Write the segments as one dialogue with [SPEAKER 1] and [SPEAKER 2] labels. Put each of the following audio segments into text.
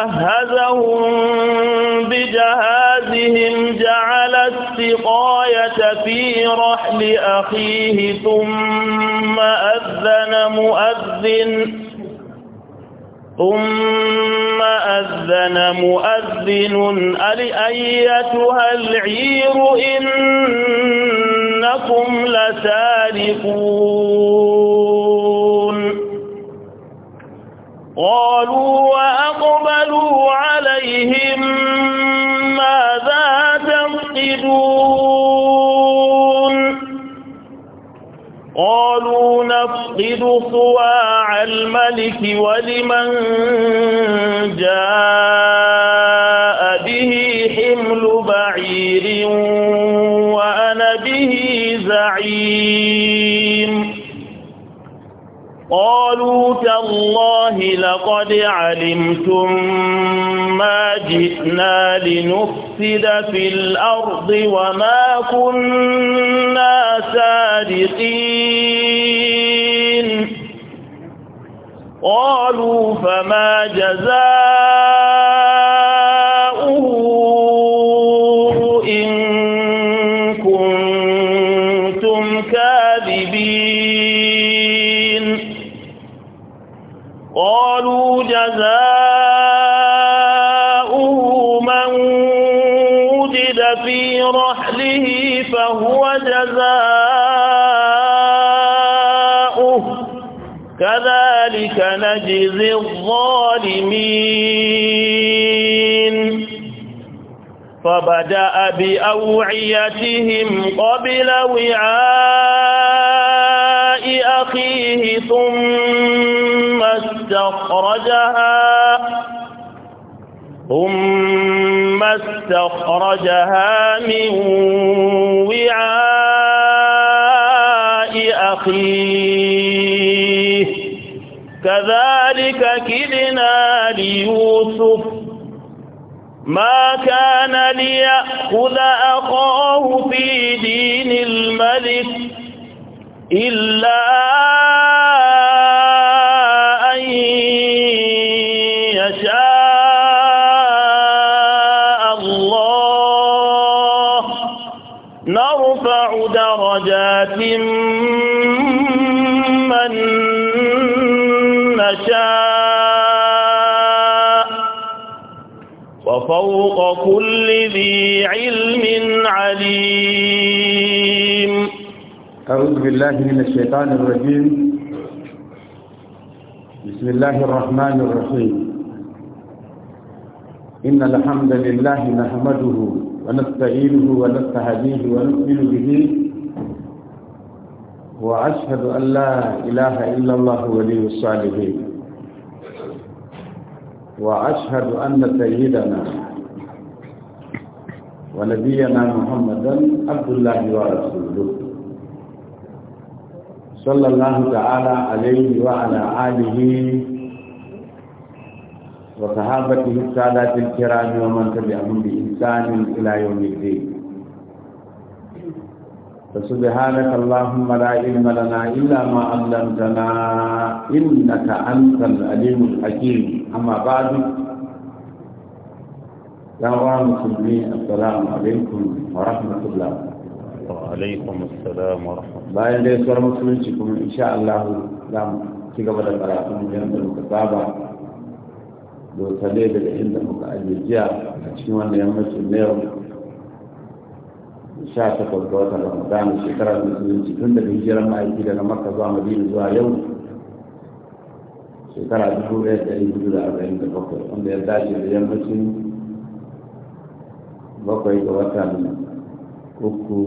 [SPEAKER 1] جهزهم بجهازهم جعل السقاية في رحل أخيه ثم أذن مؤذن ثم أذن مؤذن أيتها العير إنكم لسارقون قالوا وأقبلوا عليهم ماذا تفقدون قالوا نفقد صواع الملك ولمن جاء قالوا تالله لقد علمتم ما جئنا لنفسد في الأرض وما كنا سادقين قالوا فما جزاؤنا جزاؤه من وجد في رحله فهو جزاؤه كذلك نجزي الظالمين فبدأ بأوعيتهم قبل وعاء أخيه ثم استخرجها ثم استخرجها من وعاء أخيه كذلك كدنا ليوسف ما كان ليأخذ أخاه في دين الملك إلا فوق كل ذي علم عليم أعوذ بالله من الشيطان الرجيم
[SPEAKER 2] بسم الله الرحمن الرحيم إن الحمد لله نحمده ونستعينه ونستهديه ونؤمن به وأشهد أن لا إله إلا الله ولي الصالحين وأشهد أن سيدنا ونبينا محمدا عبد الله ورسوله صلى الله تعالى عليه وعلى آله وصحابته السادات الكرام ومن تبعهم بإحسان إلى يوم الدين فسبحانك اللهم لا علم لنا إلا ما علمتنا إنك أنت العليم الحكيم أما بعد دعوة مسلمين السلام عليكم ورحمة الله وعليكم السلام ورحمة الله بعد ذلك سورة مسلمين إن شاء الله لم تقبل القرآن جنة المتابعة لو تليد العلم مقعد الجاء أشمال يمس اليوم sha takwas ga watan ramadan shekarar musulunci tun daga hijirar ma'aiki daga makka zuwa madina zuwa yau shekara dubu ɗaya da ɗari hudu da arba'in da bakwai wanda ya dace da yammacin bakwai ga watan uku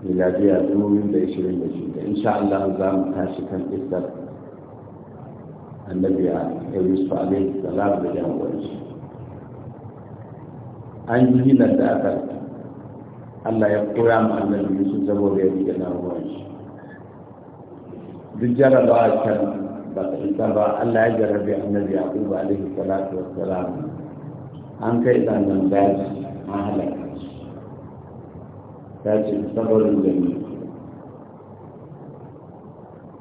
[SPEAKER 2] miladiya dubu da ishirin da shida insha Allah za mu tashi kan isar annabi a yusuf alaihi salam da jagoranci an yi hilar da aka Allah ya koya mu annabi yusuf saboda ya rike shi. duk a can ba ta isa ba Allah ya jarabe annabi a alaihi salatu wassalam an kai ɗanen daji an halaka su ta ce sabarin gani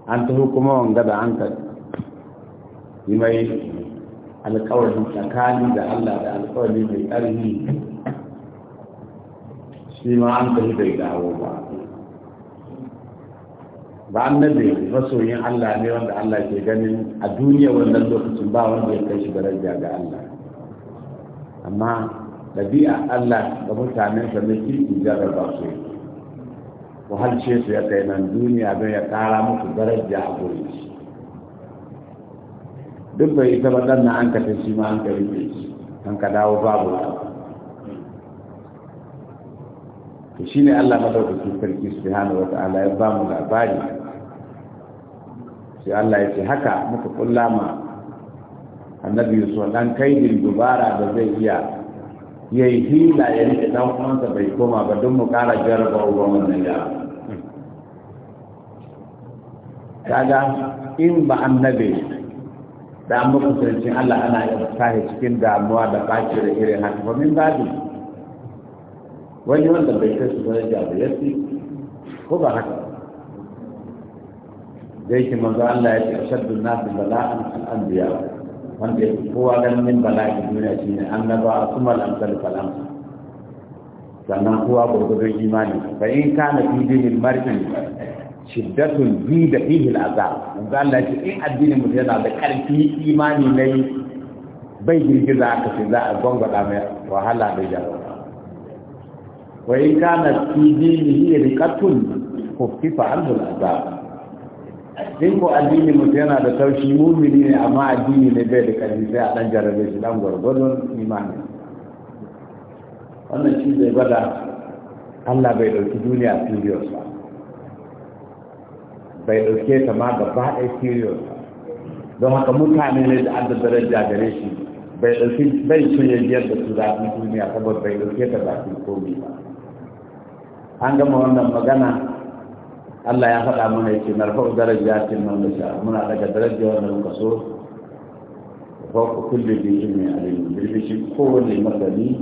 [SPEAKER 2] an tafi kuma wanga da an ka yi mai alkawarin tsakani da allah da alkawari mai ƙarfi shi ma an tafi bai dawo ba ba annabi masoyin allah ne wanda allah ke ganin a duniya wannan lokacin ba wanda ya kai shi daraja ga allah amma ɗabi'a Allah da mutanensa na kirki jarraba su wahalce su ya kai nan duniya don ya ƙara musu daraja a gurin shi duk bai ita ba ɗan na an ka shi ma an ka rike shi an ka dawo babu to ne Allah madaukakin sarki wata wata'ala ya ba mu labari sai Allah ya ce haka muka kullama annabi yusuf dan kaidin dubara da zai iya ya yi hila ya rike dan uwansa bai koma ba don mu kara jarraba uwa wannan ya kaga in ba annabi da an muku Allah ana yin sahi cikin damuwa da ɓaci da irin haka ba min babu wani wanda bai kai su sanar da ya ko ba haka da yake manzo Allah ya ce ashaddu nasu bala'an al-anbiya wanda ya kowa ganin bala'i duniya shi ne an a kuma lantar kalam sannan kowa gurgurdun imani fa in kana fi dinin mar'in shiddatun bi da fihi al'azab manzo Allah ce in addinin mutum yana da karfi imani ne bai girgiza ka sai za a gwangwada mai wahala da jarabawa wa in kana fi dinihi riqatun kufifa anhu al'azab in ko addini mutum yana da taushi mumini ne amma addini ne bai da kalli sai a dan jarabe shi dan gwargwadon imani wannan shi zai gwada Allah bai dauki duniya serious ba bai dauke ta ma gaba ɗaya serious ba don haka mutane ne da adda daraja gare shi bai dauki bai son ya da su zafi duniya saboda bai dauke ta zafi komai ba an gama wannan magana Allah ya faɗa mana yake narfa'u darajatin man nasha muna daga darajar wanda muka so fawqa kulli dhi ilmi alim bilbishi kowane masani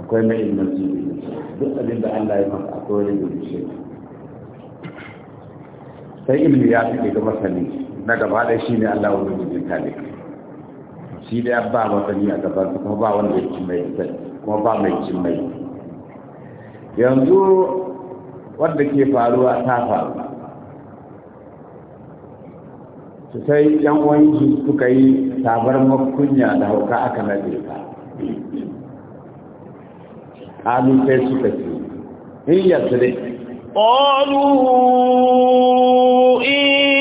[SPEAKER 2] akwai mai ilmin jibi duk abin da Allah ya maka akwai wani bilbishi sai ilmi ya fi ga masani na gaba da shi ne Allah wani jibin kalik shi da ya ba masani a gaban kuma ba wanda ya ci mai kuma ba mai ci mai yanzu wadda ke faruwa ta faru su sai yan wanki suka yi sabar makunya da hauka aka nade ta alu
[SPEAKER 3] sai suka ce in yasri qalu
[SPEAKER 1] in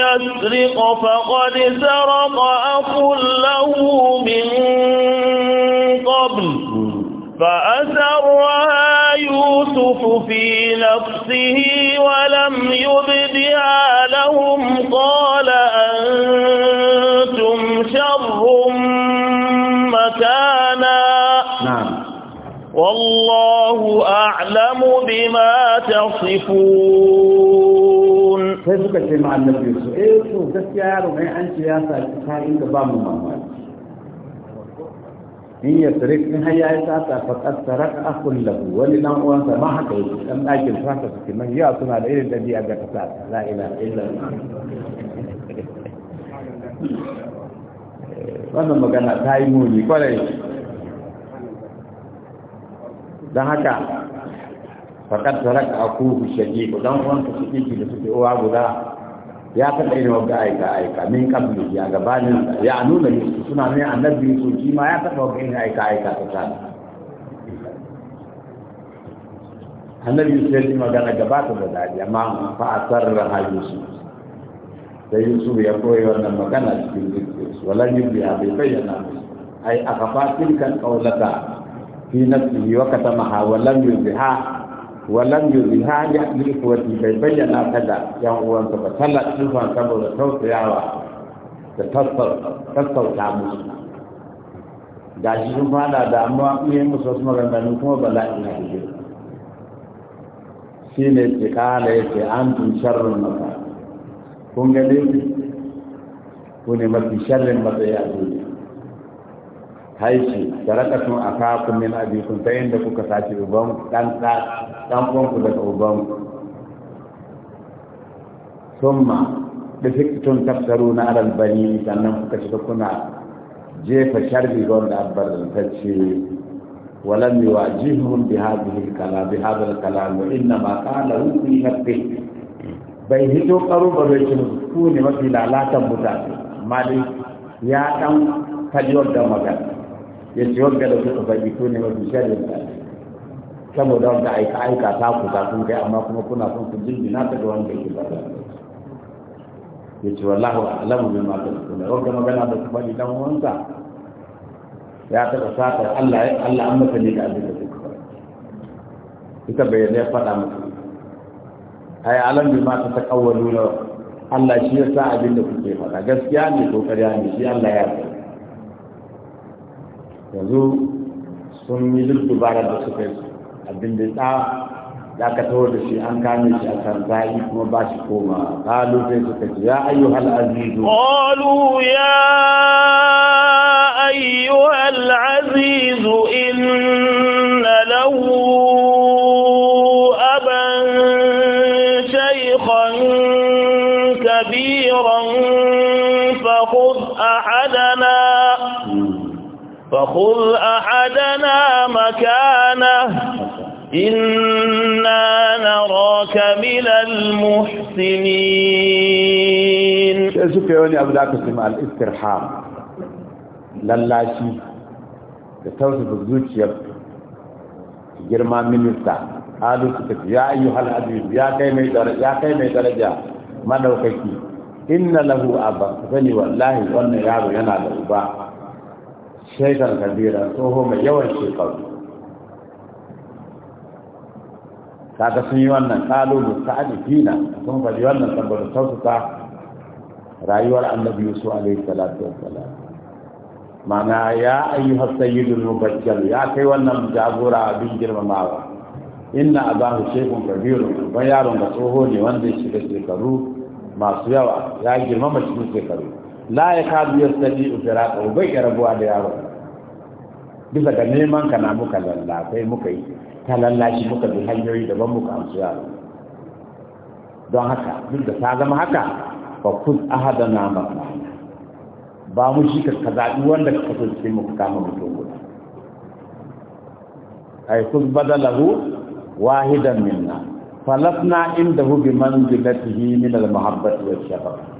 [SPEAKER 1] yasriq faqad sarqa aqul تصفون sai suka ce ma annabi su eh to gaskiya yaro mai an ce ya inda
[SPEAKER 2] ba mu mamaki in ya tare in har ya lahu wani dan uwansa ma haka yake dan dakin sata suke nan ya suna da irin dabi'a ga ta la ilaha wannan magana ta yi muni kwarai don haka faƙar tarak a kuhu shaƙi dan uwansa shaƙi da suke uwa guda ya taɓa yin wagga aika aika min kabli ya gabanin ya nuna yusuf suna ne annabi su shi ma ya taɓa wagga yin aika aika ta tsada annabi yusuf ya ji magana gabata da dadi amma fa asar raha yusuf sai yusuf ya koyi wannan magana cikin zuciyarsu walan yubiya bai bayyana musu ai akafa tilkan qaulata fi nafsihi wa katamaha walam yuzha walam yuzi ha ya bi kuwati bai bayyana ta da yan uwansa ba tallafin saboda tausayawa da tassauta musu da shi sun fada da amma iya yi musu wasu maganganu kuma bala'i na hijir shi ne ce kala ya ce an tun sharrin maka kun gane ku ne mafi sharrin matsayi a duniya haishi a kakun min abikum ta da kuka sace uban dan dan uwanku daga uban summa da fikitun tafsaru na alal bani sannan kuka shiga kuna jefa sharri ga wanda abbar ta ce ولم يواجههم بهذه الكلام بهذا الكلام وانما قاله في نفسه bai hito karo ba bai ce su ne mafi lalatan mutane amma dai ya dan kajiyar da magana ya ce wanda da suka faɗi ko ne mafi sharrin ta saboda wanda aika aika ta ku za kun kai amma kuma kuna son ku jinjina ta ga wanda yake ba ya ce wallahu a'lamu bima tasuna wanda magana da ku faɗi dan wanda ya taɓa satar Allah Allah an masa ne da abin da suka faɗi ita bai ya faɗa masa ai alam ma ta taqawwalu Allah shi ya sa abin da kuke faɗa gaskiya ne ko ƙarya ne shi Allah ya faɗa yanzu sun yi duk dubarar da suka yi abin da ta da tawar da shi an kame shi a kan kuma ba shi koma kalu sai suka ce ya ayyuhal azizu
[SPEAKER 1] qalu ya hal azizu inna lau فخذ أحدنا مكانه إنا نراك من المحسنين شوف يا ولي أبو داك اسم الاسترحام
[SPEAKER 2] للاشي يتوصف الزوج يب جرما من يبتا قالوا كتك يا أيها العبيب يا كيم درجة يا كيم درجة ما نوكي إن له أبا فني والله وأن يابو ينال أباه shaikar kabira tsoho mai yawan shekaru kaga sun yi wannan kalubu ta adifina sun faɗi wannan saboda sautuka rayuwar annabi yusuf alaihi salatu wassalam mana ya ayyuhas sayyidul mubajjal ya kai wannan jagora abin girmamawa inna abahu shaykhun Kabiru, ban yaron da tsoho ne wanda ya shiga shekaru masu yawa ya girmama cikin shekaru la ya kadu ya sadi ufiraka bai ya rabuwa da yaro bisa ga neman ka na muka lalla sai muka yi ta lalla shi muka bi hanyoyi daban muka amsu yaro don haka duk da ta zama haka fa kuz ahadana maka ba mu shi ka zaɓi wanda ka kaso cikin muka kama mutum guda ay kuz badalahu wahidan minna falafna indahu bi manzilatihi min al-mahabbati wa shafaqa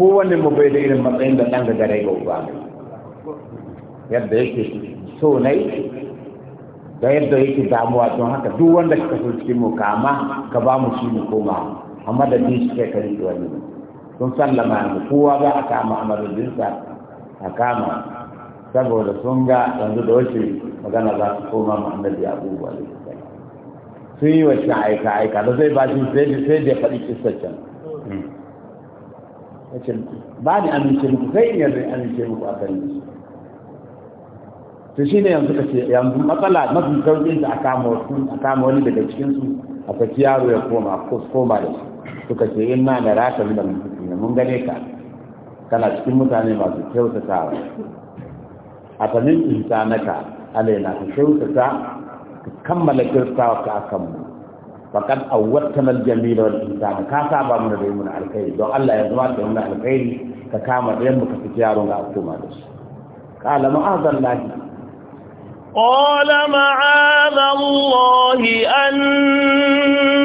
[SPEAKER 2] kowane mu bai da irin matsayin da ɗan gagara ga uba yadda yake so yi da yadda yake damuwa don haka duk wanda ka kasu cikin mu kama ka ba mu shi mu koma amma da ni shi kai kai wani sun sallama mu kowa za a kama amaradinsa a kama saboda sun ga yanzu da wacce magana za su koma mu annabi abubuwa sun yi wacce aika aika da zai ba shi sai da faɗi kisar can hmm. yace ba ni amince muku sai in yarda amince muku a gare shi to shine yanzu kace yanzu matsala mafi sauƙin da aka wasu wani daga cikin su a saki yaro ya koma ko koma da shi suka ce in ma da raka da mutum mun gane ka kana cikin mutane masu kyautatawa a tamin insanaka alaina ka kyautata ka kammala kyautatawa ka akan mu فقد أوتم الجميل والإنسان كاسا بامنا ديمون على الخير دو الله يزمات يومنا على الخير كاما ديمك في تيارون أكتو مالس قال معاذ الله
[SPEAKER 1] قال معاذ الله أن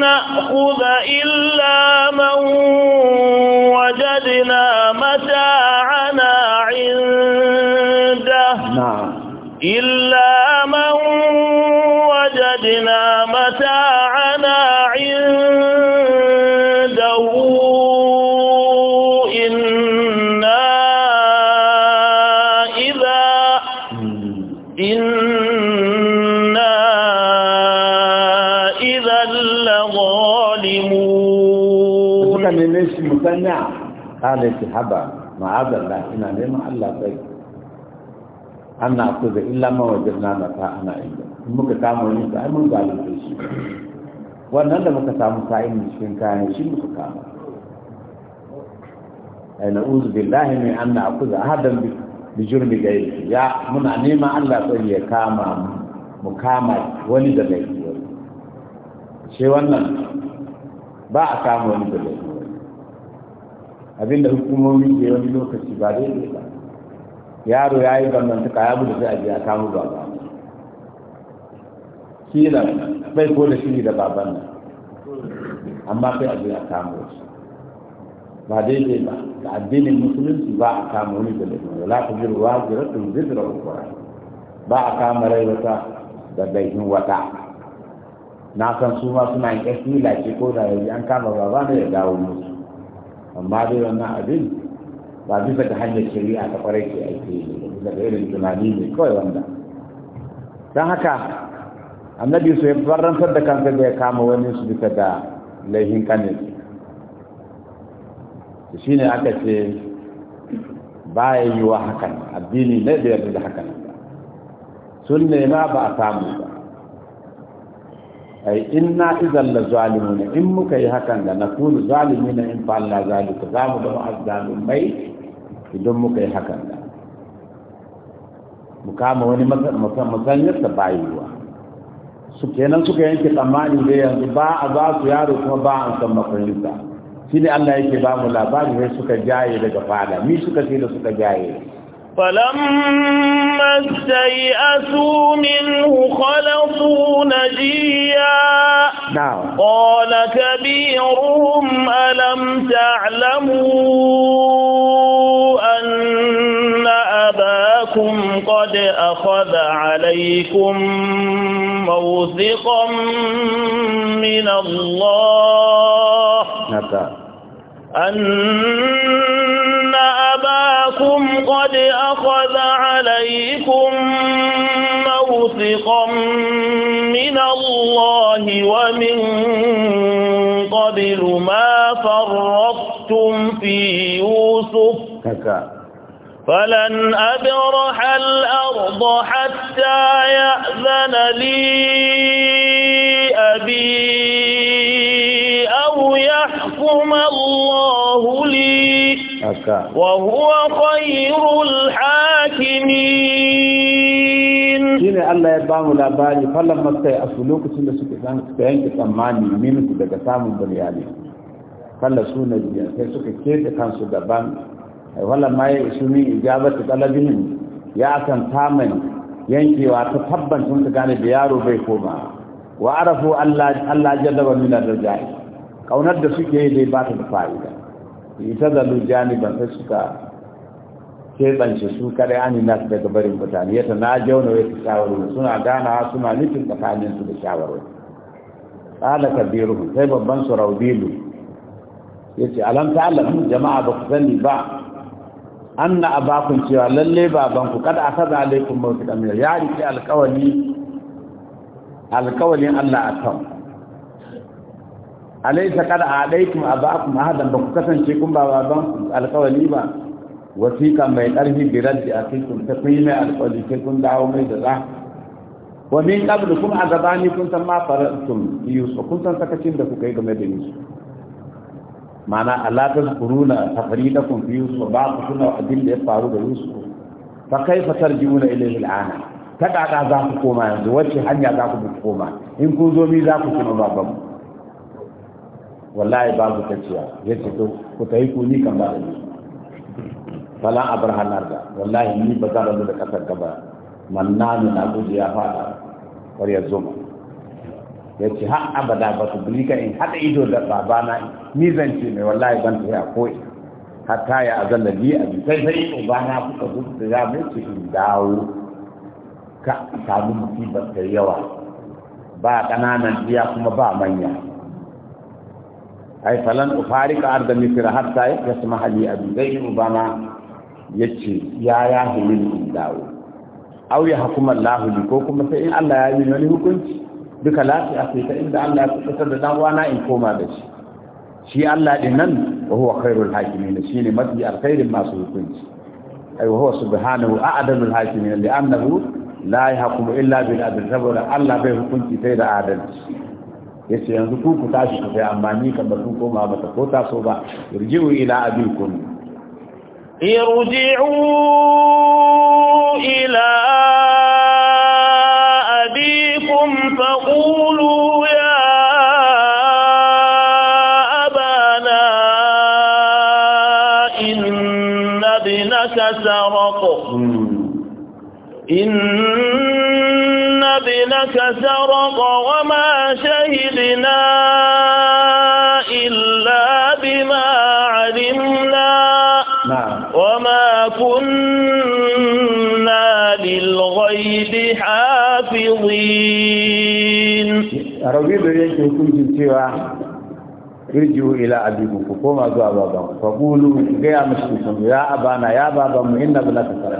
[SPEAKER 1] نأخذ إلا من وجدنا متاعنا عنده نعم إلا
[SPEAKER 2] neme shi musanya kala ki haba ma'azalla ina neman Allah sai an ku da illa ma mawajin na mata ana inda in muka samu wani sa mun ga zalunce shi wannan da muka samu sai mun cikin kayan shi muka kama ana uzu billahi min an na ku da hadan bi bi jurmi gairi ya muna neman Allah sai ya kama mu mu kama wani da laifi shi wannan ba a samu wani da Abin da hukumomi ke wani lokaci ba daidai ba yaro ya yi suka ya gudu sai a biya kamu ba ba kila bai ko da shiri da baban nan amma sai a biya kamu shi ba dai-dai ba da addinin musulunci ba a kama wani da laifin wala ta jirwa jiratun zidra ukura ba a kama rai wata da laifin wata na san su ma suna yin ƙasila lafi ko da yanzu an kama baba ne ya dawo musu amma dai wannan abin ba bisa ga hanyar shari'a ta kwarai ke aiki ne bisa ga irin tunani ne kawai wanda don haka annabi su ya farantar da kansa da ya kama wani su bisa ga laihin kanin shi ne aka ce ba ya yi wa hakan addini ne da yarda da hakan sun nema ba a samu ba ai inna idan la zalimuna in muka yi hakan da, na kunu zalimuna in fa Allah zalika za mu zama mai, idan muka yi hakan da. mu kama wani masanyar ta bayuwa su kenan suka yanke tsammani da yanzu ba a ba su yaro kuma ba an san mafahimta shi ne Allah yake ba mu labari sai suka jaye daga fada mi suka ce da suka jaye
[SPEAKER 1] فلما استيئسوا منه خلصوا نجيا نعم. قال كبيرهم ألم تعلموا أن أباكم قد أخذ عليكم موثقا من الله نعم. أن أباكم قد أخذ عليكم موثقا من الله ومن قبل ما فرطتم في يوسف فلن أبرح الأرض حتى يأذن لي أبي أو يحكم الله لي haka wa huwa khairul hakimin shine Allah ya bamu labari fallan
[SPEAKER 2] makai a lokacin da suke zan suka yanke tsammani su daga samun bariyali fallan sunan biya sai suka keta kansu daban wallan ma ya isu min ijabatu talabihim ya san taman yankewa ta tabban sun ka gane da yaro bai koma wa arafu Allah Allah jadaba min ar-raja'i kaunar da suke yi bata ba ta da fa'ida ita zalu janiban sai suka keɓance su kare aninas daga barin mutane yata na jauna wai fi shawarwari suna gana suna nufin tsakaninsu da shawarwari ƙala kabiru sai babban su raudilu ya ce alam ta alamu jama'a ba ku sani ba an na abakun cewa lalle ku, kada a kaza alaikun mawuti kamar ya alkawali alkawalin allah a kan alaysa qad adaikum abaakum ahadan ba ku kasance kun ba baban alkawali ba wasiqa mai ƙarfi bi raddi akikum ta kun yi mai alkawali sai kun dawo mai da za wa min qabl kun azabani kun san ma faratum yusuf kun san sakacin da kuka yi game da yusuf mana ala tazkuruna kun fi yusuf ba ku suna abin da ya faru da yusuf fa kaifa tarjiuna ilayhi al'ana ta kada za ku koma yanzu wacce hanya za ku koma in kun zo mi za ku tuna babanmu wallahi babu taciya ya ce to ku ta yi kuni kan ba da ni fala abar da wallahi ni ba za da kasar gaba mannanu na guji ya fada har ya zo ya ce abada ba su bulika in haɗa ido da babana ni zan ce mai wallahi ban ta ya koyi hatta ya azalla bi a bi sai sai ko ba na kuka zo da ya mai ci in dawo ka samu musibar ta yawa ba kananan jiya kuma ba manya ai falan ufarika arda misra hatta yasmah li abi zayd ubama yace ya ya hulun dawo aw ya hukuma Allah li ko kuma sai in Allah ya yi wani hukunci duka lafiya sai ta inda Allah ya fitar da dan wana in koma da shi shi Allah din nan wa huwa khairul hakimin shine mafi alkhairin masu hukunci ai wa huwa subhanahu a'dalul hakimin annahu la yahkumu illa bil adl saboda Allah bai hukunci sai da adalci yace yanzu ku ku tashi ku sai amma ni kan ba ku koma ba ta ko ta so ba irji'u ila abikum
[SPEAKER 1] irji'u ila abikum faqulu ya abana inna binaka saraqa inna binaka saraqa جهلنا إلا بما علمنا وما كنا للغيب
[SPEAKER 2] حافظين ربي بريك كنت سوى irjiu ila abiku ku koma sun ya abana ya baban mu inna bilaka sara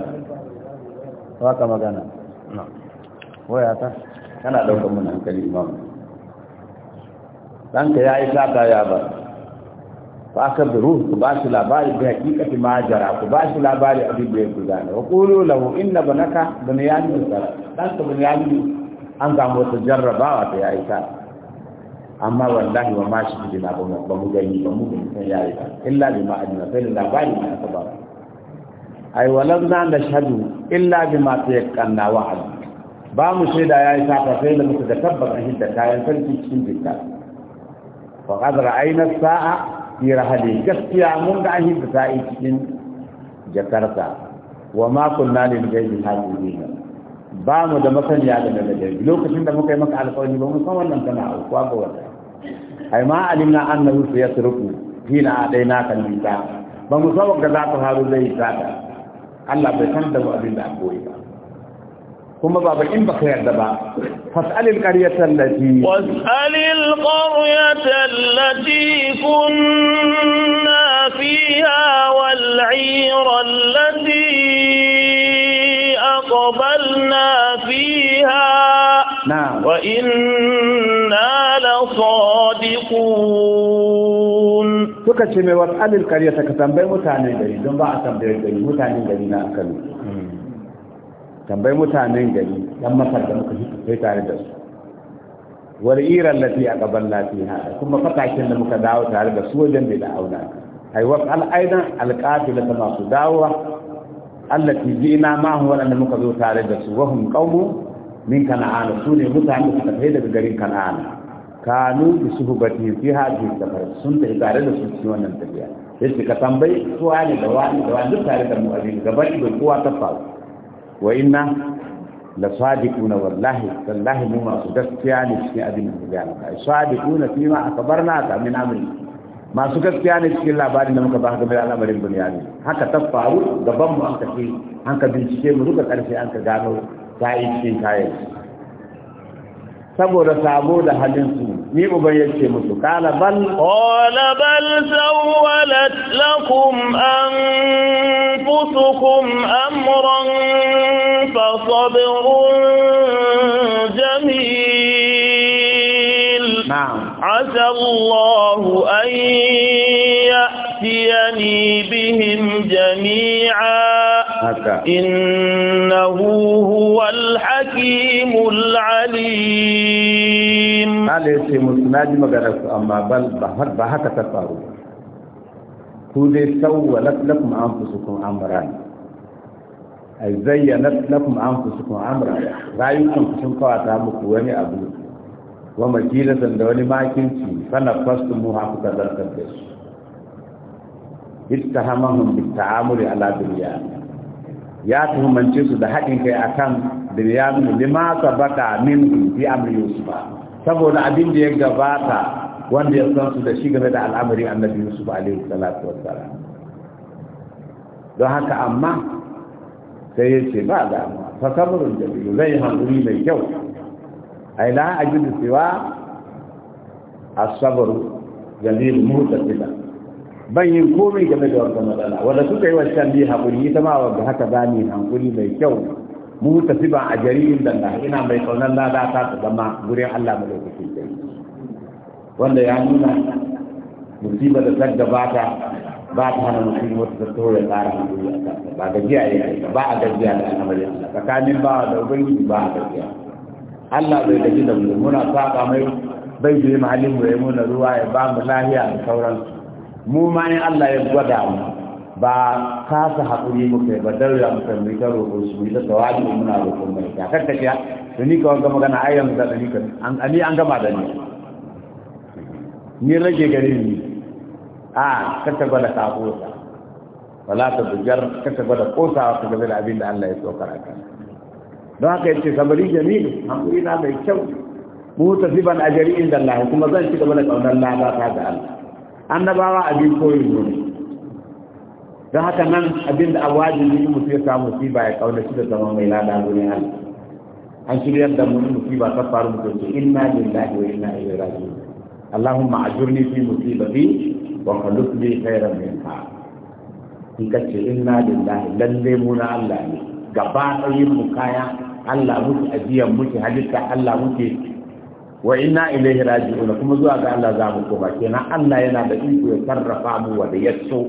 [SPEAKER 2] Danka ya yi ta ya ba fa bi ruh ku ba shi labari da hakikati jara ku ba shi labari abin da ku gudana wa qulu lahu inna banaka bunyamin sara ɗanka bunyamin an ga ta jarraba wa ta ya ta amma wallahi wa ma shi bidina ba mu gani ba mu gani sai ya ta illa bi ma'adina sai da labari ne ta ba ai walam na da shadu illa bi ma yakanna wa ba mu shaida ya ta fa sai da muka da tabbata hidda kayan sarki cikin dukkan wa qad ra'ayna sa'a fi rahli gaskiya mun ga ahin da sa'i cikin jakarta wa ma kunna lil ghaibi hafizin ba mu da masaniya da daga gaibi lokacin da muka yi maka alƙawari ba mu san wannan tana aukuwa ga wata ai ma alimna annahu sayatruku hina adaina kan bita ba mu san wanda za ta faru zai tsada Allah bai san da abin da akwai ba kuma ba bakin ba ka yarda ba fas'alil
[SPEAKER 1] qaryatan lati was'alil qaryatan lati kunna fiha wal 'ira allati aqbalna fiha na'am wa inna la sadiqun
[SPEAKER 2] suka ce mai was'alil qaryata ka tambayi mutane gari don ba a tambaye gari mutanen gari na akan tambayi mutanen gari dan masar da muka kai tare da su wal iran lati a gaban lafiya da kuma fatakin da muka dawo tare da su wajen bai da auna haiwar al'aidan alƙafila ta masu dawowa allati jina ma huwa wanda muka zo tare da su wahum qawmu min kana'ana su ne mutane da suka kai daga garin kana'ana kanu bi suhbati fi hadhihi safar sun tafi tare da su cikin wannan tafiya yace ka tambayi su ne da wani da wani tare da mu a gaban ido kowa ta faru wa inna la sadiquna wallahi wallahi mu masu gaskiya ne cikin abin da ya maka sadiquna fi ma akbarna ka min amri masu gaskiya ne cikin labarin da muka ba ga mai al'amarin bunyani haka ta faru gaban mu aka ce an ka bincike mu duka karshe an ka gano ta yi cikin kayan saboda sabo da halinsu ni uban yake musu kala bal
[SPEAKER 1] qala bal sawalat lakum anfusukum amran fa sabrun jamil na'am asa Allah an ya'tiyani bihim jami'an innahu huwal hakimul alim
[SPEAKER 2] Allah ya ce musu naji magana su amma bal ba haka ta faru ku dai sawwalat lakum anfusukum amran ay zayyanat lakum anfusukum amran rayukan sun kawata muku wani abu wa makilatan da wani makinci fana fastumu haku ta zartar da su ittahamahum bit ta'amuli ala dunyana ya tuhumance su da haɗin kai a kan da ya nuna lima sabata min fi amri Yusufa. saboda abin da ya gabata wanda ya san su da shi game da al'amari annabi yusuf alaihi salatu wassalam don haka amma sai ya ce ba da fa sabrun jabiru zai hankuri mai kyau ai la ajidu siwa as-sabr jalil mutasila ban yin komai game da wata matsala wanda suka yi wa shan biyu haƙuri ita ma wanda haka za ni hankuri mai kyau mu tafi ba a jaririn danda ina mai ƙaunar lada ta ta zama gurin Allah malaikacin kai wanda ya nuna musibar da ba ta ba ta hana mutum wata ta tori tsara hankuri a kansa ba gajiya ya yi ba a gajiya da al'amari Allah tsakanin ba da ubangiji ba a gajiya Allah bai gaji da mu muna saba mai bai je mahallin mu ya muna ruwa ya ba mu lahiya da sauransu mu ma in Allah ya gwada mu ba kasa hakuri mu kai ba darya mutum ne ta roƙo su yi ta tawali muna roƙon mai ta ka tafiya da ni ka ga magana ayyan yanzu da ni an ani an gama da ni ni rage gare ni a ka ta gwada kafo ta wala ta bujar ka ta gwada kosawa ka ga da abin da Allah ya tsokar a don haka yace sabari jamilu hakuri na mai kyau mu tafi ban ajari inda Allah kuma zan ci gaba da kaunar ba ta ga Allah annabawa abin koyi ne don haka nan abin da abu wajibi mutum ya samu ba ya kaunaci da zama mai lada gurin Allah an shirya da mu ba ta faru mu ce inna lillahi wa inna ilaihi raji'un Allahumma ajurni fi musibati wa khalif li khairan minha in ka ce inna lillahi lalle mu na Allah ne gaba ɗayan mu kaya Allah muke ajiyan muke halitta Allah muke wa ina ilaihi raji'un kuma zuwa ga Allah za mu koma kenan Allah yana da iko ya sarrafa mu wa da yaso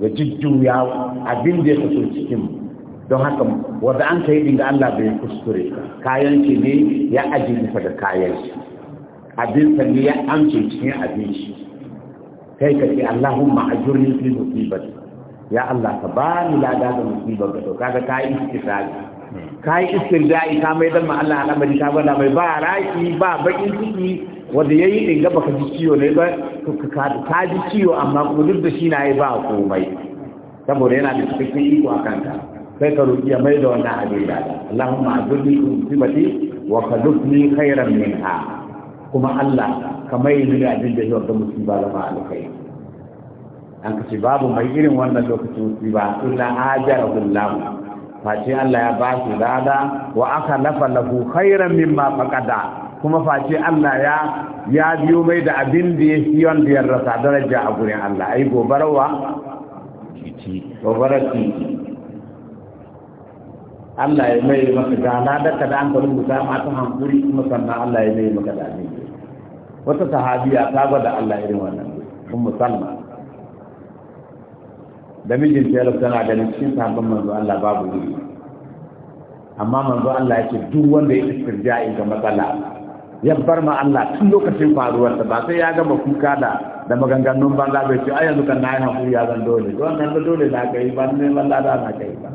[SPEAKER 2] ya jujjuya abin da ya kaso cikin mu don haka wanda an kai din ga Allah bai kuskure kayan ki ne ya aji bisa da kayan shi abin ne ya amce cikin abin shi kai ka ce Allahumma ajurni fi musibati ya Allah ka ba ni lada ga musibar ka to kaga kai istisabi ka yi istirja'i ka mai dan Allah al'amari ka bada mai ba raki ba bakin ciki wanda yayi din gaba ka ji ciwo ne ba ka ji ciwo amma kuma duk da shi na yi ba komai saboda yana da cikakken iko a kanka sai ka roki ya mai da wannan abin da Allahumma azurni musibati wa kadufni khairan minha kuma Allah ka mai ni da abin da yau da musiba zama alkhairi an kace babu mai irin wannan lokacin musiba illa ajarahu Allah face Allah ya ba su lada wa aka lafa lahu khairan mimma faqada kuma face Allah ya ya biyo mai da abin da ya fi wanda ya rasa daraja a gurin Allah ai gobarwa titi gobarar titi Allah ya mai maka gana da kada an kalu musa mata hankuri kuma sannan Allah ya mai maka da ne wata sahabiya ta gwada Allah irin wannan ummu salma da mijinta ya tana ganin cikin sabon manzo Allah babu ne amma manzo Allah yake duk wanda ya in ga matsala ya bar ma Allah tun lokacin faruwar ta ba sai ya gama kuka da da maganganun banza bai ce ai yanzu kan na yana hakuri ya zan dole to wannan da dole da kai ba ne wallahi da na kai ba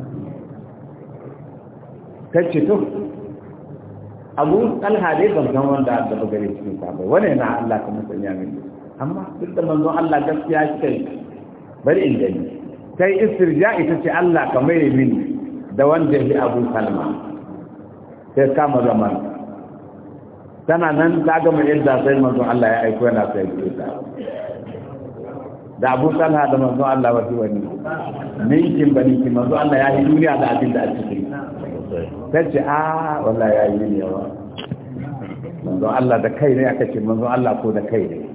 [SPEAKER 2] kace to abu talha dai ban san wanda da bagare cikin bai. wane na Allah kuma sanya min amma duk da manzo Allah gaskiya shi kai bari in gani sai istirja ita ce Allah ka mai mini da wanda ya abu salma sai kama zaman tana nan ta gama yadda sai manzon Allah ya aiko yana sai ta
[SPEAKER 3] da abu salha da manzon Allah
[SPEAKER 2] wasu wani ninkin ba ninkin manzon Allah ya yi duniya da abin da a ciki ta ce a ah, wallah ya yi yawa manzon Allah da kai ne aka ce manzon Allah ko da kai ne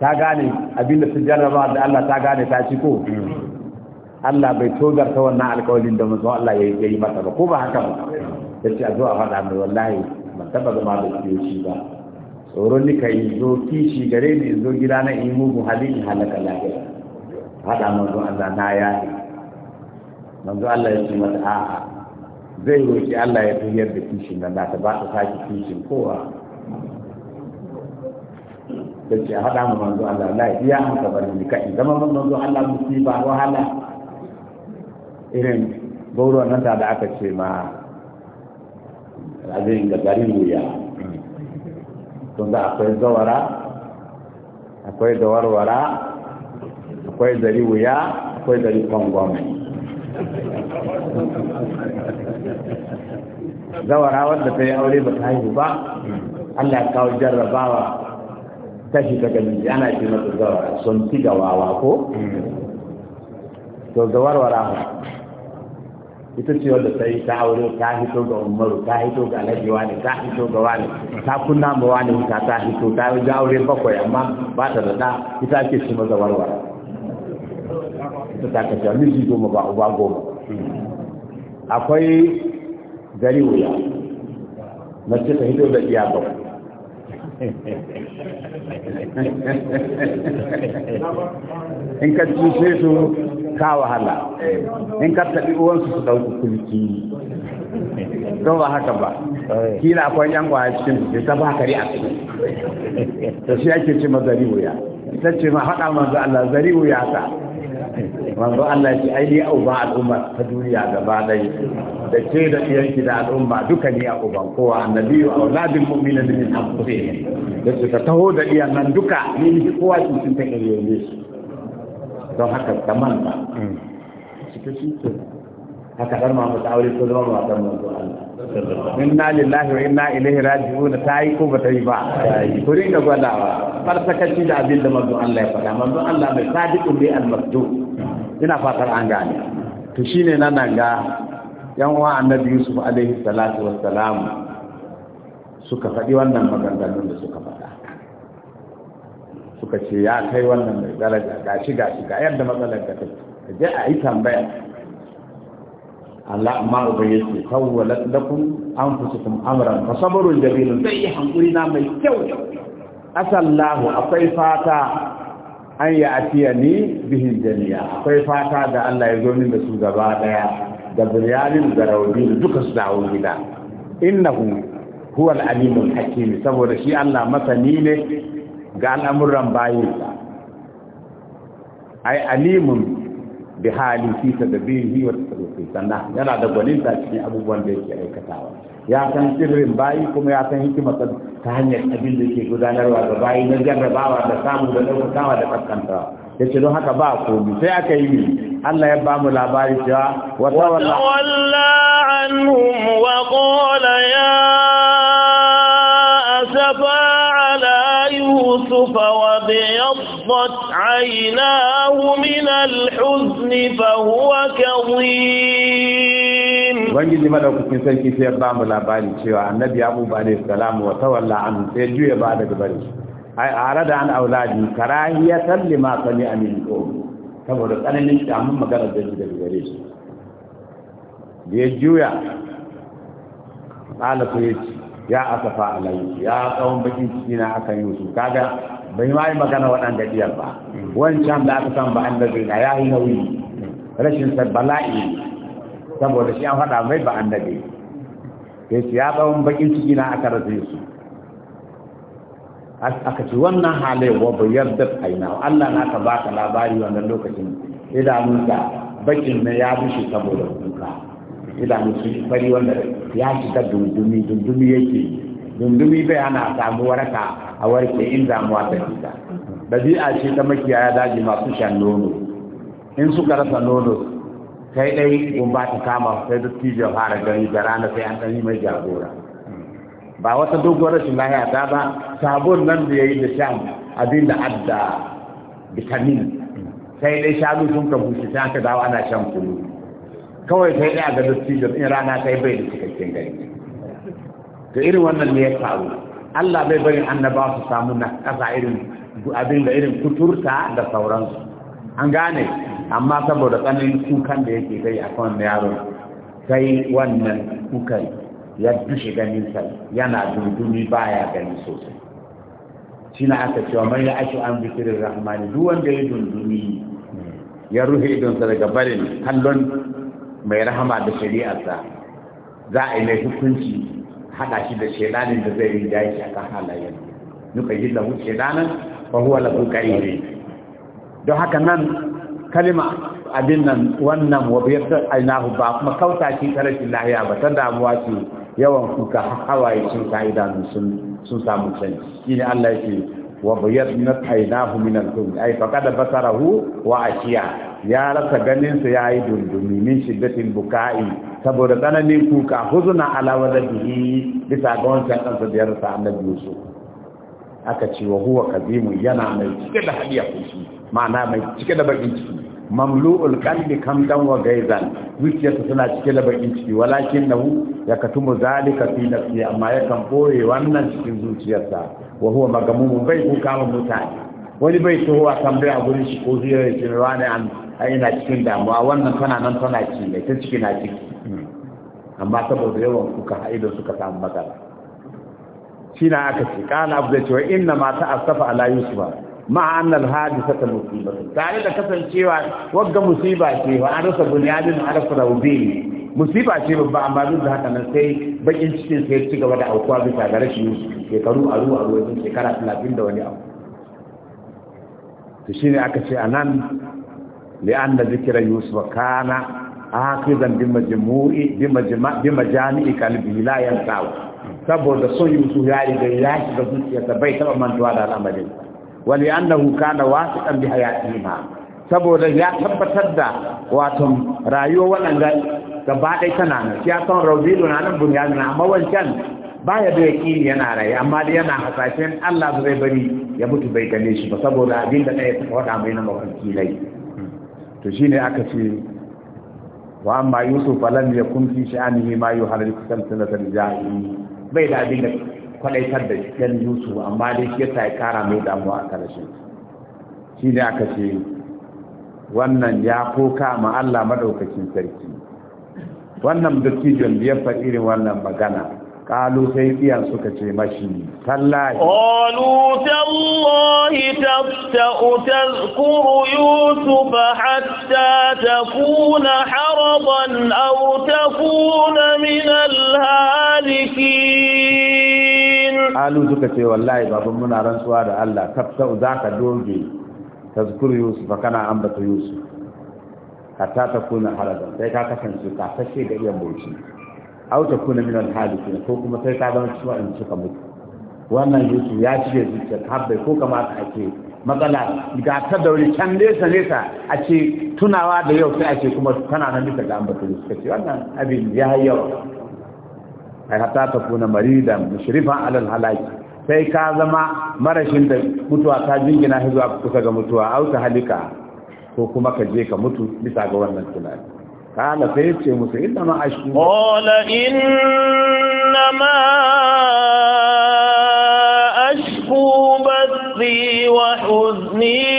[SPEAKER 2] ta gane abinda su jarraba da Allah ta gane ta ci ko Allah bai togar ta wannan alkawalin da manzon Allah ya yi masa ba ko ba haka ba ce a zo a faɗa mai wallahi ban taba zama da kiyoci ba tsoron nika yi zo kishi gare ni zo gida na in mugu in halaka lafiya faɗa manzon Allah na ya manzon Allah ya ce mata a'a zai roƙi Allah ya tuyar da kishin nan na ta ba ta sake kishin kowa da ke haɗa mu manzo Allah la iya an ka bari ni kai zama mun manzo Allah musiba wahala irin gauro nan ta da aka ce ma azai ga garin ruya don da akwai zawara akwai zawarwara akwai zari wuya akwai zari kwangwama
[SPEAKER 3] zawara wadda ta yi aure
[SPEAKER 2] ba ta haihu ba Allah ya kawo jarrabawa tashi ta gani ana ce masa gawara sun fi wawa ko to gawarwara rahu ita ce wanda ta yi ta aure ta hito ga umaru ta hito ga alhaji wani ta hito ga wani ta kunna ma wani wuta ta hito ta yi aure bakwai amma ba ta da ita ce shi maza warwara ita ta kashe shi goma ba uba goma akwai gari wuya ce ta hito da iya bakwai
[SPEAKER 3] in ka cuce su
[SPEAKER 2] ka wahala in ka taɓi uwansu su ɗauki kulki don ba haka ba eh. kila akwai yan kwaya cikin su ta ba kari a cikin da shi ake ce ma zari wuya ta ce ma haɗa manzo Allah zari wuya ta Wanzu Allah shi ai ni uba al'umma ta duniya gaba dai da ke da iyanki da al'umma duka ni a uban kowa annabi wa auladul mu'minin min anfusihim da su ta taho da iyan nan duka ni ni kowa shi sun ta kare ne don haka kaman ba shi ta shi haka dan ma mutu aure ko zama matan manzo Allah inna lillahi wa inna ilaihi raji'un ta yi ko ba ta yi ba ku rinka gwadawa fartakaci da abin da manzo Allah ya faɗa manzo Allah mai sadiqun bi al-maktub ina fatar an gane to shine nan ga yan uwa annabi yusuf alaihi salatu wassalam suka faɗi wannan maganganun da suka fada? suka ce ya kai wannan mai daraja Ga shi ga shi, ga yadda matsalar ka ta ka je a yi tambaya Allah amma uba yake tawwalat lakum anfusukum amran fa sabrun jabilun sai hankuri na mai kyau asallahu akwai fata an yi atiya ni bihin jami'a akwai fata da Allah ya zo min da su gaba daya da biryanin da raudin duka su dawo gida innahu huwa al-alimul hakim saboda shi Allah masani ne ga al'amuran bayinsa ai alimun bi hali fi tadbirihi wa tasarrufi sannan yana da gwaninta cikin abubuwan da yake aikatawa ya san sirrin bayi kuma ya san hikimatar ta hanyar abin da ke gudanarwa da bayi na jarrabawa da samu da ɗaukakawa da ƙaskantawa ya ce don haka ba komi sai aka yi Allah ya ba mu labari cewa wata
[SPEAKER 1] walla anhum wa qala ya asafa ala yusuf wa biyaddat aynahu min al-huzn fa huwa kadhib
[SPEAKER 2] ubangiji madaukakin sarki sai ba mu labari cewa annabi abu ba da salamu wa tawalla an sai juye ba daga bari ai ara da an auladi karahiyatan lima sami amin ko saboda tsananin damun magana da shi daga gare shi da ya juya ku yi ya asafa alai ya tsawon bakin ciki na aka yi su kaga bai ma yi magana waɗanda diyar ba wancan da aka san ba an da zai na ya yi nauyi rashin sa saboda shi an faɗa mai ba annabi ya ce ya ɗan bakin ciki na aka rasu su aka ci wannan wa bayar yarda aina Allah na ka baka labari wannan lokacin idanunka bakin na ya bushe saboda kuka idanun su fari wanda ya shiga dundumi dundumi yake dundumi bai ana samu waraka a warke in damuwa ta fita dabi'a ce ta makiyaya daji masu shan nono in suka rasa nono sai dai ba ta kama sai tijiyar fara gani da rana sai an ɗanyi mai jagora ba wata doguwar rashin lahiya ta ba sabon nan da ya yi da sha abin da adda vitamin sai dai shanu sun ka bushe sai aka dawo ana shan kulu kawai sai dai a ga tijiyar in rana sai bai da cikakken gari ga irin wannan ne ya faru Allah bai bari annaba su samu na ƙasa irin abin da irin kuturta da sauransu an gane amma saboda tsanin kukan da yake kai a kan yaro sai wannan kukan ya dushe ganinsa yana dundumi baya gani sosai shi na aka cewa mai an zikirin rahmani duk wanda ya dundumi ya rufe idonsa daga barin kallon mai rahama da shari'arsa za a yi mai hukunci haɗa shi da shaidanin da zai rinda shi a kan halayen nuka yi lahu shaidanin fa huwa lahu ne. don haka nan Kalima abin nan wannan wabiyarta ainahu ba kuma kauta ce ta rashin lahiya ba ta damuwa ce yawan kuka hawaye sun kaida sun sun samu canji shine Allah yake wabiyarna ainahu min al-kum ay faqad basarahu wa ashiya ya rasa ganin sa yayi dundumi min shiddatin buka'i saboda tsananin kuka huzuna ala wajhihi bisa ga wancan kansa da ya rasa annabi Yusuf aka ce wa huwa qazimun yana mai cike da hadiya kushi ma'ana mai cike da bakin ciki mamlu'ul qalbi kamdan wa gaizan zuciyarsa tana cike da bakin ciki walakin nahu yakatumu zalika fi nafsi amma yakan boye wannan cikin zuciyarsa wa huwa magamumun bai kuka wa mutane wani bai tohowa tambaya gurin shi ko zai ce cewa wani an ina cikin damuwa wannan tana nan tana ciki mai ta ciki na ciki hmm. amma saboda yawan kuka haido suka samu matsala shi na aka ce ƙala abu da cewa inna ma ta asafa ala yusufa ma annal hadisa ta musiba tare da kasancewa wagga musiba ce wa an rasa bunyadin an rasa raubini musiba ce babba amma duk da haka nan sai bakin cikin sai ci gaba da aukuwa bisa ga rashin shekaru a ruwa a ruwa shekara talatin da wani abu to shine aka ce a nan li'an da zikira yusuf kana akhidan bi majmu'i bi majma'i bi majami'i kalbi la yantawa saboda son yusuf ya riga ya shiga zuciyarsa bai taɓa mantuwa da al'amarin wali annahu kana wasiqan bi hayatihima saboda ya tabbatar da wato rayuwar waɗanda gaba ɗaya tana nan ya san raudilo na nan bunyamin amma wancan baya da yaƙini yana rai amma dai yana hasashen Allah zai bari ya mutu bai gane shi ba saboda abin da ɗaya ta faɗa mai na mafarki lai to shine aka ce wa amma yusuf alam yakun fi sha'anihi ma yuharriku samsana tarja'i bai da abin da kwadaitar da dan Yusuf amma dai shi yasa ya kara mai damuwa a karshe shi ne aka ce wannan ya koka ma Allah madaukakin sarki wannan dattijon da ya faɗi irin wannan magana kalu biyan kiyan suka ce mashi
[SPEAKER 1] tallahi qalu tallahi tafta'u tazkuru yusuf hatta takuna haraban aw takuna min alhalikin
[SPEAKER 2] kalu suka ce wallahi baban muna rantsuwa da Allah tafta'u zaka doge tazkuru yusuf kana ambata yusuf hatta takuna haraban sai ka kasance ka tashi da iyan Auta kuna min al ko kuma sai ka zama cikin in suka mutu wannan yusuf ya cire ta habbai ko kama ta ce matsala ga ta daure can nesa nesa a ce tunawa da yau sai a kuma tana nan ka ga ambatu suka ce wannan abin ya yi yawa ai hatta ta kuna maridan mushrifan alal halaki sai ka zama marashin da mutuwa ta jingina a kusa ga mutuwa auta halika ko kuma ka je ka mutu bisa ga wannan tunani قال فيتشي موسى
[SPEAKER 1] إنما أشكو قال إنما أشكو بثي وحزني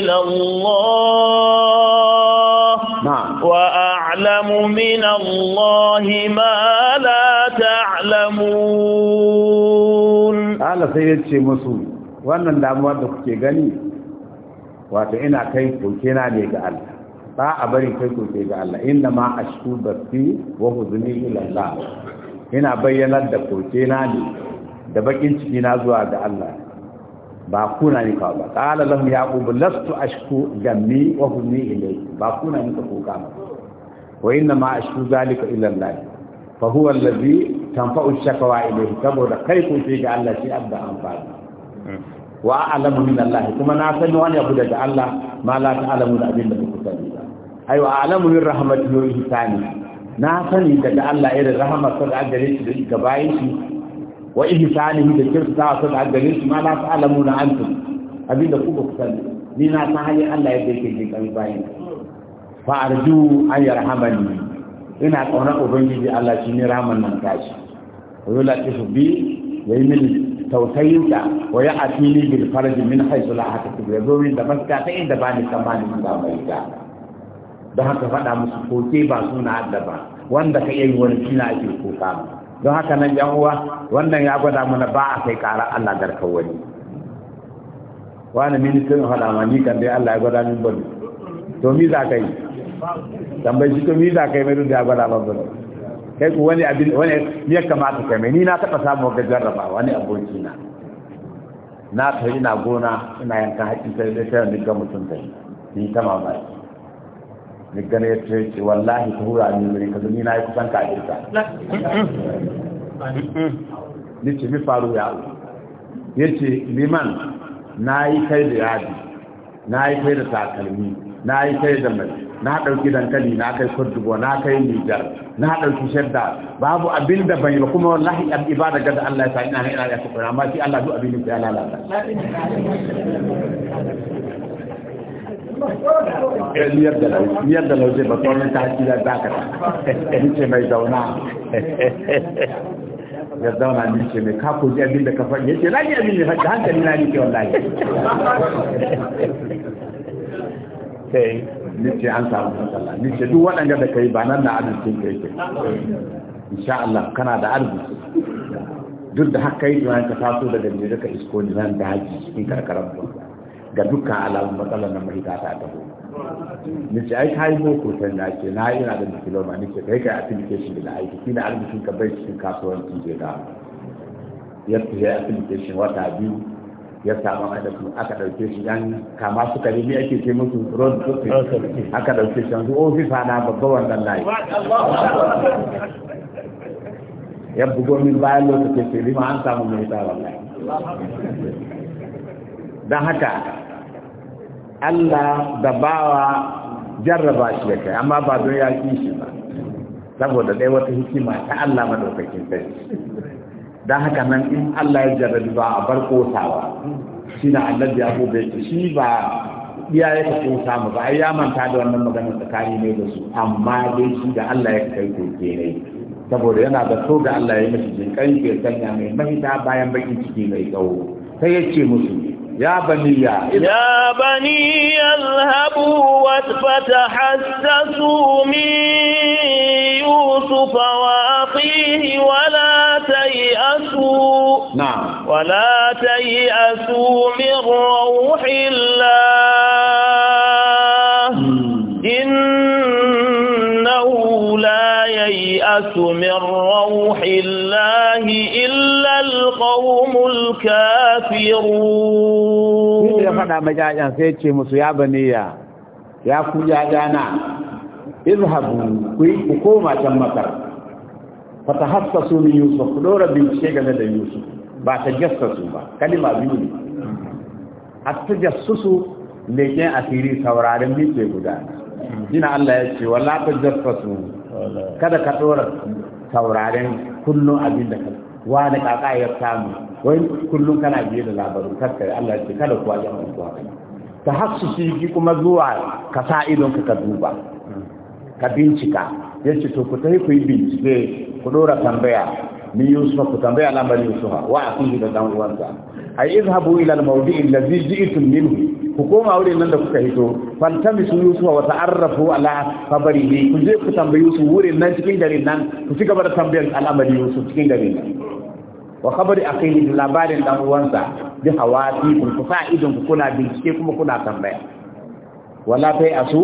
[SPEAKER 1] إلى الله نعم وأعلم من الله ما لا تعلمون
[SPEAKER 2] قال سيدشي موسى wannan damuwar da kuke gani wato ina kai kulkina ne ga Allah ba a bari kai koke ga Allah inda ma ashku bafi wa huzuni ila Allah ina bayyanar da koke na ne da bakin ciki na zuwa ga Allah ba kuna ni kawo ba qala lahum yaqub lastu ashku gammi wa huzuni ilayhi ba kuna ni ka koka ba wa inda ma ashku zalika ila Allah fa huwa alladhi tanfa'u shakawa ilayhi saboda kai koke ga Allah shi abda amfani hmm. wa a'lamu min Allah kuma na sani wani abu daga Allah ma la ta'lamu da abin da ayo alamu min rahmatihi wa ihsani na sani daga Allah irin rahmar sa da gare shi da bayin shi wa ihsanihi da kirsa sa da gare shi ma la ta'lamuna antum abinda ku ba ku sani ni na san hali Allah yadda yake jin kan bayin fa arju an yarhamani ina kauna ubangiji Allah shi ne rahman nan tashi wa yulatifu bi yayi min tausayinta wa ya atini bil farj min haythu la hatasib yazo min da maska ta inda bani tsammani da mai da don haka faɗa musu koke ba suna Allah ba wanda ka yi wani shine ake koka mu don haka nan yan uwa wannan ya gwada mana ba a kai ƙara Allah garkar wani wani ministan faɗa ma ni kan dai Allah ya gwada min bani to mi za ka yi tambayi shi to mi za ka yi mai duk ya gwada min bane kai ku wani abin wani ya kamata kai mai ni na taɓa samu ga jarraba wani aboki na na ta ina gona ina yanka haƙi sai da sai wani ga mutum ta yi ni ta mamaki ni gane ya ce ce wallahi ta hura ni mai kaza ni na yi kusan kajirka ni ce mi faru ya ya ce liman na yi kai da yadi na yi kai da takalmi na yi kai da mai na ɗauki dankali na kai kurdubo na kai nijar na ɗauki shadda babu abin da ban yi ba kuma wallahi an ibada ga da Allah ya sa ina ina ya kuɓura amma shi Allah duk abin da ya lalata
[SPEAKER 3] Eh, liyar da lau liyar da lau ce ba tsohon ta
[SPEAKER 2] haƙi da za ka ta nice mai zauna ya zauna nice mai kako ji abin da ka faɗi ya ce na ji abin da faɗi hankali na nike wallahi nice an samu matsala nice duk waɗanda da ka yi ba nan na arzikin ka yake insha Allah kana da arziki duk da haka yi tunanin ka taso daga ne daga isko nan da haji cikin karkarar ba ga dukkan alamun matsalar na mahita ta ta ko ni ce ai kai boko sai na ce na yi na da diploma ni ce kai kai application da aiki kina arzikin ka bai cikin kasuwanci je da ya ya application wata biyu ya samu da su aka dauke shi yan kama su kare ne ake ce musu road crossing aka dauke shi yanzu ofisa na babba wannan layi ya bugo min bayan lokacin sai rima an samu mai tsara
[SPEAKER 3] wallahi
[SPEAKER 2] don haka Allah da bawa jarraba shi ya kai amma ba don ya ki shi ba saboda dai wata hikima ta Allah madaukakin sai don haka nan in Allah ya jarrabi ba a bar kosawa shi na Allah ya bai shi ba iya ya ka ko samu ba ai ya manta da wannan magana tsakani ne da su amma dai shi da Allah ya kai koke ne saboda yana da so da Allah ya mashi jinkai ke sanya mai mahita bayan bakin ciki mai tsawo sai ya ce musu يا بني
[SPEAKER 1] يا بني اذهبوا وتفتحسسوا من يوسف وأخيه ولا تيأسوا نعم ولا تيأسوا من روح الله يَيْأَسُ مِنْ رَوْحِ Ina ya faɗa
[SPEAKER 2] majaja sai ce musu ya baniya, ya izhabu ku yi ku koma can makar, Yusuf, ku ɗora bincike ba ta gasta ba, A ta asiri saurarin mice guda. Jina Allah ya ce, wala ta gasta kada ka ɗora sauraren kullum abin da ka wani kaka ya samu wai kullum kana biye da labarin karka Allah ya ce kada kuwa ya ta shi ji kuma zuwa ka sa idon ka duba ka bincika yace to ku tafi ku yi bincike ku dora tambaya min Yusufa ku tambayi al'amari Yusufa wa a kun da dan uwansa ay izhabu ila al da alladhi ji'tum minhu ku koma wurin nan da kuka hito fantamisu yusufa wa ta'arrafu ala ne. ku je ku tambayi yusuf wurin nan cikin garin nan ku ci gaba da tambayar al'amari yusuf cikin garin nan wa khabari akhihi da labarin dan uwansa bi hawati kun ku fa'idun ku kuna bincike kuma kuna tambaya wala tai asu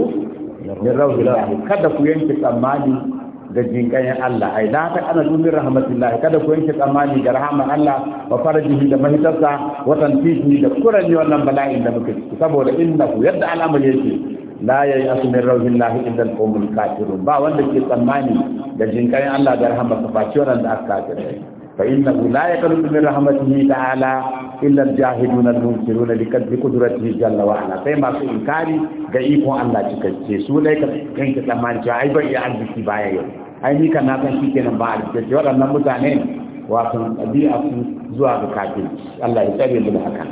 [SPEAKER 2] min rawdillah kada ku yanke tsammani da jinkayen Allah ai la ta kana dumin rahmatullah kada ku yanke tsammani da rahama Allah wa farajihi da mahitarsa wa tantihi da kurani wannan bala'in da muke saboda innahu yadda al'amari yake la yayi asmin rauhillahi illa al-qawmul kafirun ba wanda ke tsammani da jinkayen Allah da rahama sa face da aka kafirai فإنه لا يقلب من رحمته تعالى إلا الجاهدون المنكرون لكذب قدرته جل وعلا فيما في إنكاري أن لا تكذب سوليك كنت تمان شعيبا يعد في يوم أي ميكا ناكن شيكنا بعد تكتشي ولا نمتانين وأكون أبي أكون زواج كاتب الله يسلم من حكا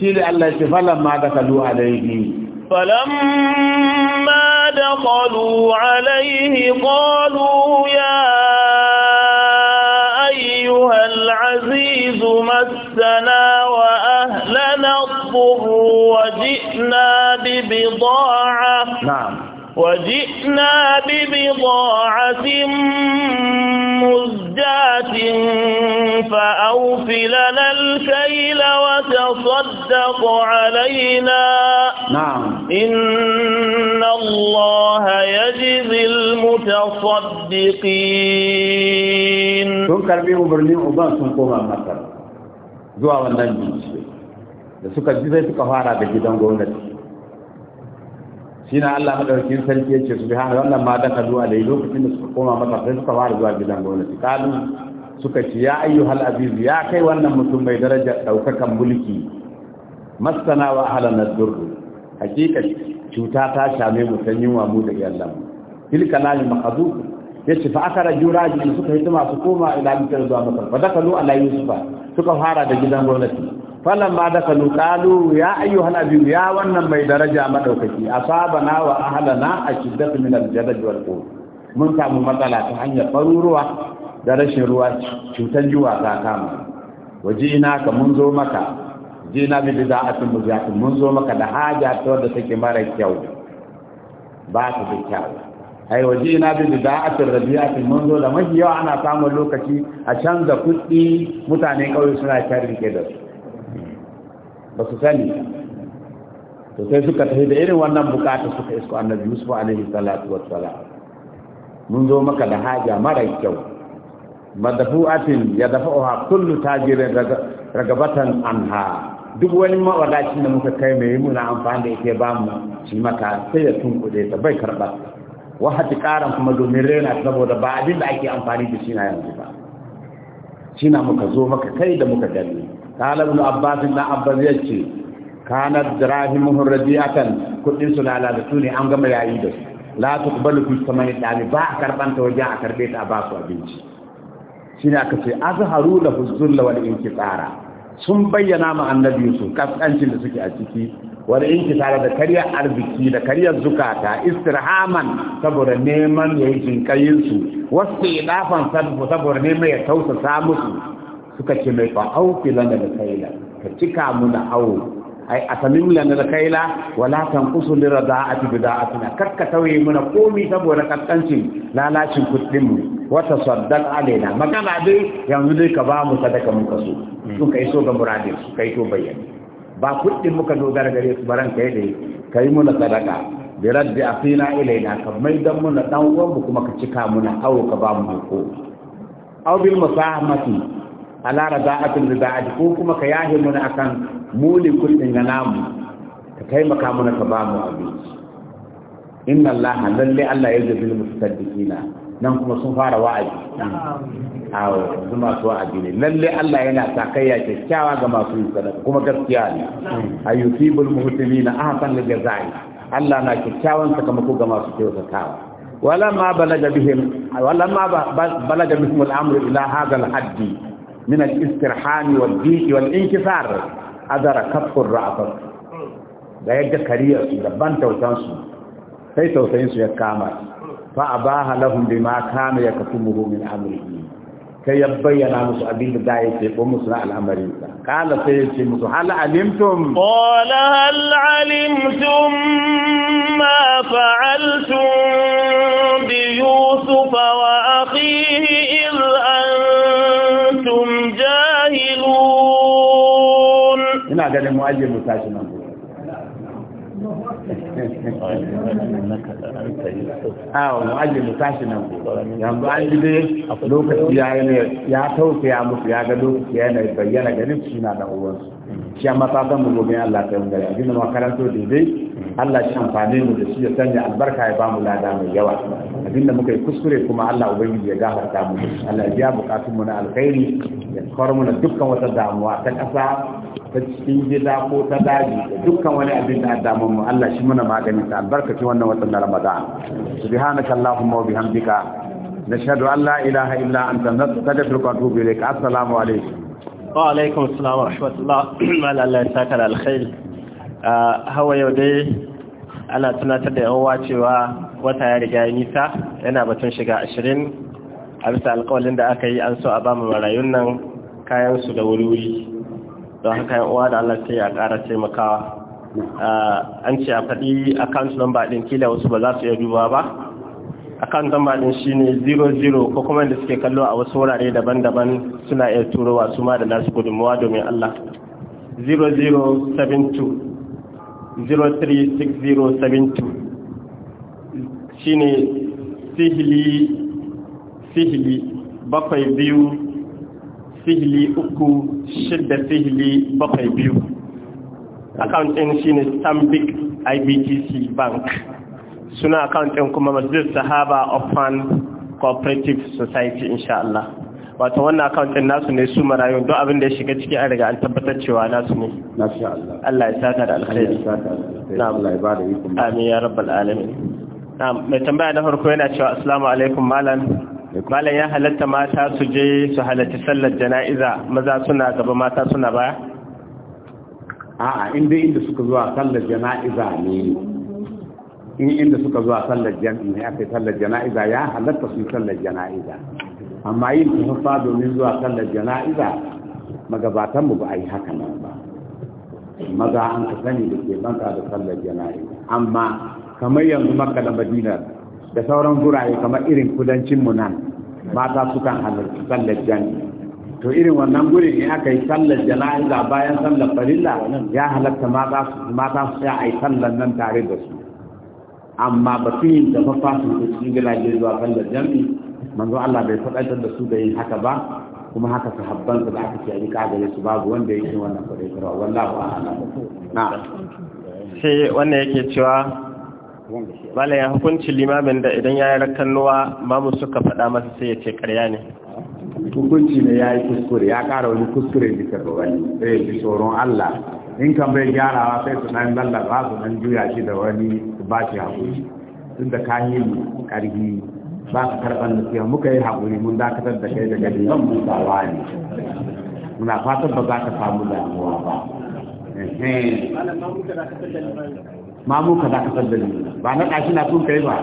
[SPEAKER 2] سيد الله يتفلم ما دخلوا عليه
[SPEAKER 1] فلما دخلوا عليه قالوا يا بضاعة نعم وجئنا ببضاعة مزجاة فأوفل للكيل وتصدق علينا نعم إن الله يجزي المتصدقين سنك الميه برنين
[SPEAKER 2] أبان سنقوها مثلا جوا النجم سنك الجزء سنقوها رابع جدا قولنا Shi na Allah madaukakin sarki yace subhana wannan ma da yi. lokacin da suka koma maka sai suka fara zuwa gidan gwamnati kalu suka ce ya ayyuhal aziz ya kai wannan mutum mai daraja daukakan mulki masana wa ahlan ad-durr hakika cuta ta same mu san yunwa mu da iyalan tilka lani Ya yace fa akara juraji suka hidima su koma ila mutar zuwa masar fa yi ala yusufa suka fara da gidan gwamnati falan ma da kalu kalu ya ayyuhal abin ya wannan mai daraja madaukaki na, wa ahlana shiddat min al-jadad wal qul mun samu matsala ta hanyar faruruwa da rashin ruwa cutan juwa ta kama wajina ka mun zo maka jina bi bida'atin muzaqin mun zo maka da haja ta wanda take mara kyau ba ta da kyau ai wajina bi bida'atin rabi'atin mun zo da mafi yawa ana samun lokaci a canza kuɗi mutane kawai suna kyar rike da su ba su sani to sai suka tafi da irin wannan bukata suka isko annabi yusuf alaihi salatu wassalam mun zo maka da haja mara kyau madafu'atin ya dafa'uha kullu tajirin ragabatan anha duk wani mawadacin da muka kai mai muna amfani da ita ba mu shi maka sai ya tunkuɗe ta bai karɓa wahati ƙaran kuma domin rena saboda ba abin da ake amfani da shi na yanzu ba shi na muka zo maka kai da muka gani قال ابن عباس ابن عباس يجي كانت دراهمه رديئة كل سنة لا تسوني أنغم يا إيدس لا تقبل في الثمن الدامي باع كربان توجع كربيت أباس وأبنش شنا كسي أظهروا له الذل والانكسار sun bayyana ma annabi su kasancin da suke a ciki wani inci tare da karyar arziki da karyar zukata istirhaman saboda neman ya yi jinkayin su wasu idafan saboda neman ya tausasa musu suka ce mai fa auki lana da kaila ka cika mu da awo ai asalin lana da kaila wala tan usul rada'ati bida'atina karka tauye muna komi saboda kaskancin lalacin kudin mu wata saddaq alaina magana dai yanzu dai ka ba mu sadaka muka so sun kai so ga muradin su kai to bayyana ba kudin muka dogara gare su baran kai dai kai muna sadaka bi raddi afina ilaina ka mai dan muna dan uwan mu kuma ka cika muna awo ka ba mu ko aw bil masahmati ala rada'atul rida'ati ko kuma ka yahe muna akan mulikul din ga namu ka taimaka muna ka ba mu abinci inna allaha lalle allah ya zabi mutasaddiqina nan kuma sun fara wa'azi awo su masu wa'azi ne lalle allah yana ya kyakkyawa ga masu yin sadaka kuma gaskiya ne ayyusibul muhsinina ahsan lil jazai allah na kyakkyawan sakamako ga masu kyautatawa ولما بلغ بهم ولما بلغ بهم الامر الى هذا الحد من الاسترحام والضيق والانكسار أدرى كفق الرعب لا يجد كريئة لبان توتنسو في توتنسو يكامل فأباها لهم بما كان يكتمه من أمره كي يبين عمس أبيل دائت ومسنع الأمريكا قال سيدي مسو هل علمتم قال
[SPEAKER 1] هل علمتم ما فعلتم بيوسف وأخيه
[SPEAKER 2] ina ganin mu aje mu tashi nan awa mu aje mu tashi nan yanzu an ji dai lokaci ya yi ya tausaya musu ya ga lokaci ya yi bayyana ganin shi na da uwansu shi amma ta san mu gobe Allah ta yi gari abinda makaranto daidai Allah shi amfani mu da shi ya sanya albarka ya bamu lada mai yawa abinda muka yi kuskure kuma Allah ubangiji ya gafarta mu Allah ya biya bukatun mu na alkhairi ya kawar mu na dukkan wata damuwa ta kasa ta cikin gida ko ta daji dukkan wani abin da damu mu Allah shi muna magani ta albarkaci wannan watan na Ramadan subhanaka allahumma wa bihamdika nashhadu an la ilaha illa anta nastaghfiruka wa atubu ilayk assalamu alaikum
[SPEAKER 4] wa alaikum assalam wa rahmatullah ma Allah ya saka da alkhair ah, hawa yau dai ana tunatar da yawa cewa wata ya riga ya nisa yana batun shiga 20 a bisa alƙawalin da aka yi an so a ba mu marayun nan kayan su da wuri-wuri don haka yan uwa da Allah sai ya kara taimakawa ah, an ce a faɗi account number ɗin kila wasu ba za su iya duba ba account number ɗin shine 00 ko kuma da suke kallo a wasu wurare daban-daban suna iya turowa su ma da nasu gudunmuwa domin Allah 0072 036072 shine sihili sihili bakwai biyu sihili uku shidda sihili bakwai biyu account shi ne stanbic ibtc bank suna account kuma masjid sahaba ofan cooperative society insha Allah wato wannan account nasu ne su marayun don abin da ya shiga ciki a riga an tabbatar cewa nasu ne Allah ya saka da alkhairi amin ya rabbal alamin mai tambaya na farko yana cewa assalamu alaikum malam malam ya halatta mata su je su halatta sallar jana'iza maza suna gaba mata suna baya
[SPEAKER 2] a'a inda inda suka zuwa sallar jana'iza ne in inda suka zuwa sallar jami'i sallar jana'iza ya halatta su sallar jana'iza amma yin tafafa domin zuwa sallar jana'iza magabatanmu ba a yi haka nan ba maza an ka sani da ke banka da sallar jana'iza amma kamar yanzu makka da madina da sauran gurare kamar irin kudancinmu nan mata sukan halarci sallar jami'i to irin wannan gurin in aka yi sallar jana'iza bayan sallar farilla ya halatta mata su ya a yi sallar nan tare da su amma ba su yin da fafa su su cikin gidaje zuwa sallar jami'i manzo Allah bai faɗaɗar da su da yin haka ba kuma haka su su
[SPEAKER 4] da aka ce a yi kagare su babu wanda ya yi wannan a wallahu a'ala na sai wannan yake cewa bala ya hukunci limamin da idan ya yi rakan nuwa mamu suka faɗa masa sai ya ce karya ne
[SPEAKER 2] hukunci ne ya yi kuskure ya ƙara wani kuskure da karɓa wani ya ji tsoron allah in kan bai wa sai su nan lallaba su nan juya shi da wani ba shi haƙuri tun da kayi ƙarfi ba ka karɓar siya muka yi haƙuri mun dakatar da kai daga da yan musawa ne muna fatan ba za ka samu damuwa ba Mamuka ka za ka san da ni, ba na ɗashi na tun kai ba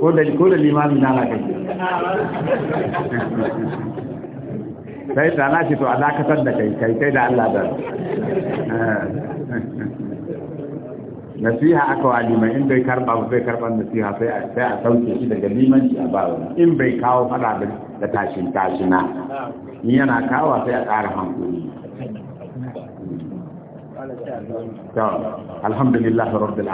[SPEAKER 2] ko da limami na na kai sai ta na ce to a ka da kai kai kai da Allah da
[SPEAKER 3] nasiha aka
[SPEAKER 2] wa liman in bai karba ba bai karban nasiha sai a sai a sauke shi daga limanci a ba in bai kawo fada da tashin tashina
[SPEAKER 3] in yana kawo sai a ƙara hankali alhamdulillah rabbil